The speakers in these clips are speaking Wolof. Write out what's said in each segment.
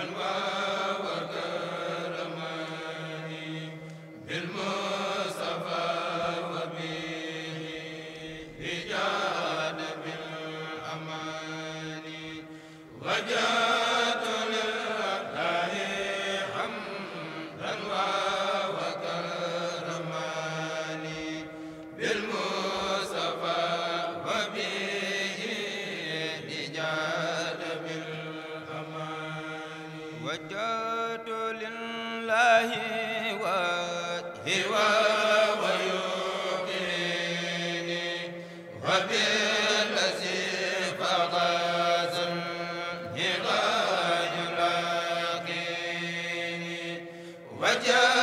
alwa ja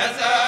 Yes sir.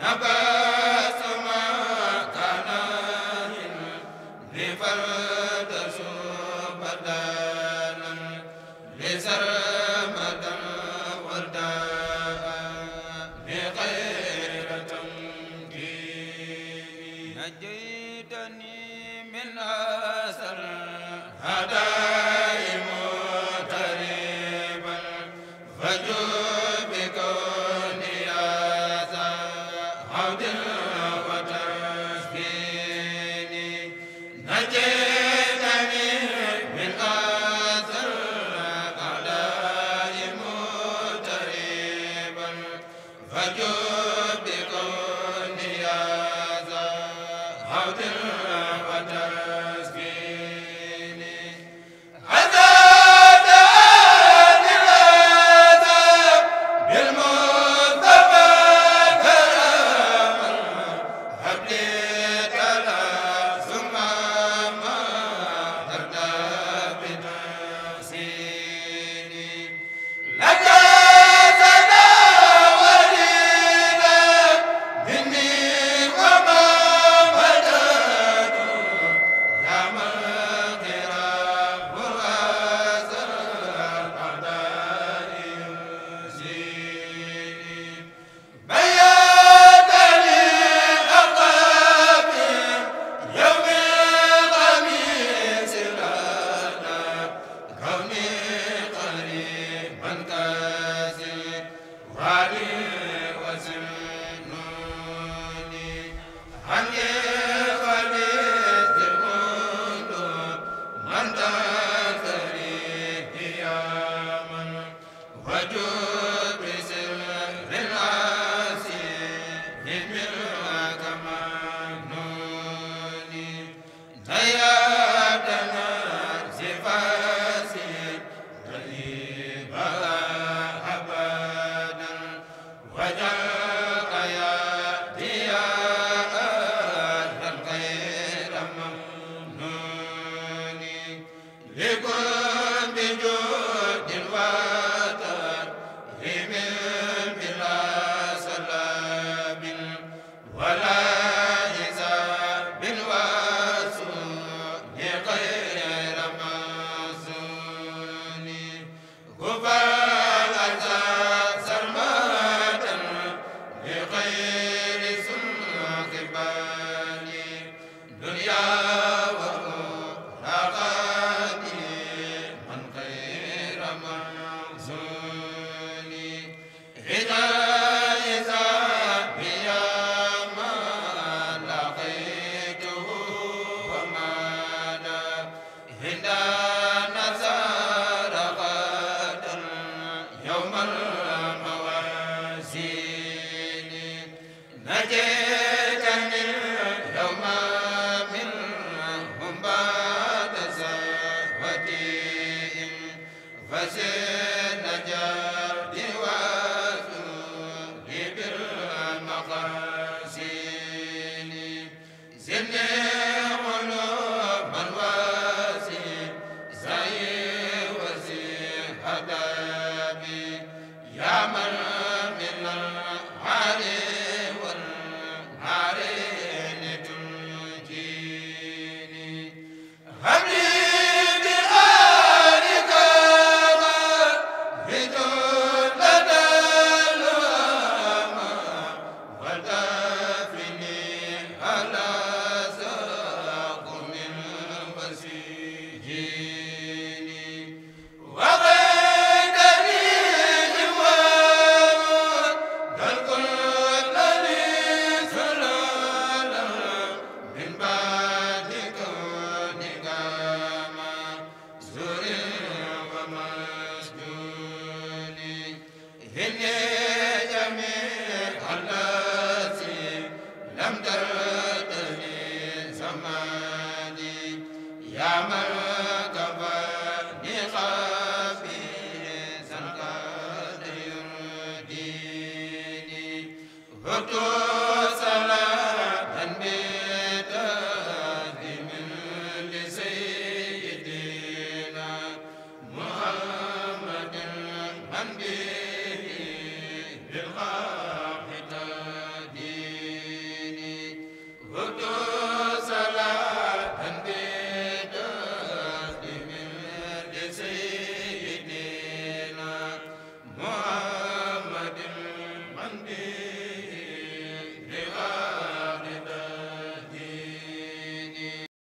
naba aw sant